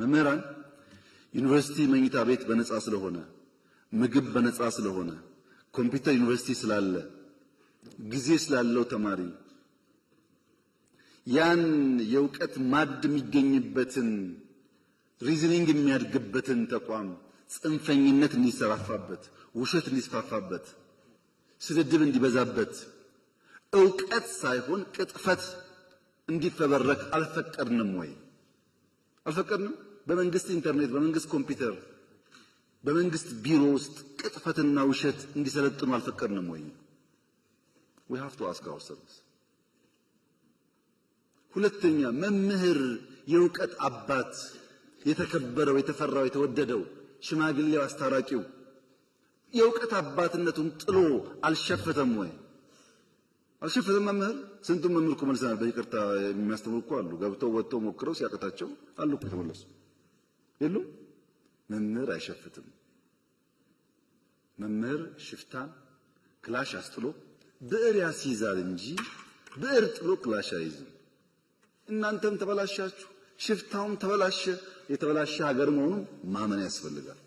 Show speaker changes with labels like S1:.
S1: መምህራን ዩኒቨርሲቲ መኝታ ቤት በነፃ ስለሆነ፣ ምግብ በነፃ ስለሆነ፣ ኮምፒውተር ዩኒቨርሲቲ ስላለ፣ ጊዜ ስላለው ተማሪ ያን የእውቀት ማድ የሚገኝበትን ሪዝኒንግ የሚያድግበትን ተቋም ጽንፈኝነት እንዲሰራፋበት፣ ውሸት እንዲስፋፋበት፣ ስድድብ እንዲበዛበት፣ እውቀት ሳይሆን ቅጥፈት እንዲፈበረክ አልፈቀድንም ወይ? አልፈቀድንም። በመንግስት ኢንተርኔት፣ በመንግስት ኮምፒውተር፣ በመንግስት ቢሮ ውስጥ ቅጥፈትና ውሸት እንዲሰለጥኑ አልፈቀድንም ወይ? we have to ask ourselves። ሁለተኛ መምህር የእውቀት አባት የተከበረው የተፈራው የተወደደው ሽማግሌው አስታራቂው የእውቀት አባትነቱን ጥሎ አልሸፈተም ወይ? አልሸፈተም። መምህር ስንቱን መምህር እኮ መልሰናል። በይቅርታ የሚያስተምሩ እኮ አሉ ገብተው ወጥተው ሞክረው ሲያቅታቸው አሉ እኮ የተመለሱ። የሉም። መምህር አይሸፍትም። መምህር ሽፍታን ክላሽ አስጥሎ ብዕር ያስይዛል እንጂ ብዕር ጥሎ ክላሽ አይዝም። እናንተም ተበላሻችሁ፣ ሽፍታውም ተበላሸ። የተበላሸ ሀገር መሆኑን ማመን ያስፈልጋል።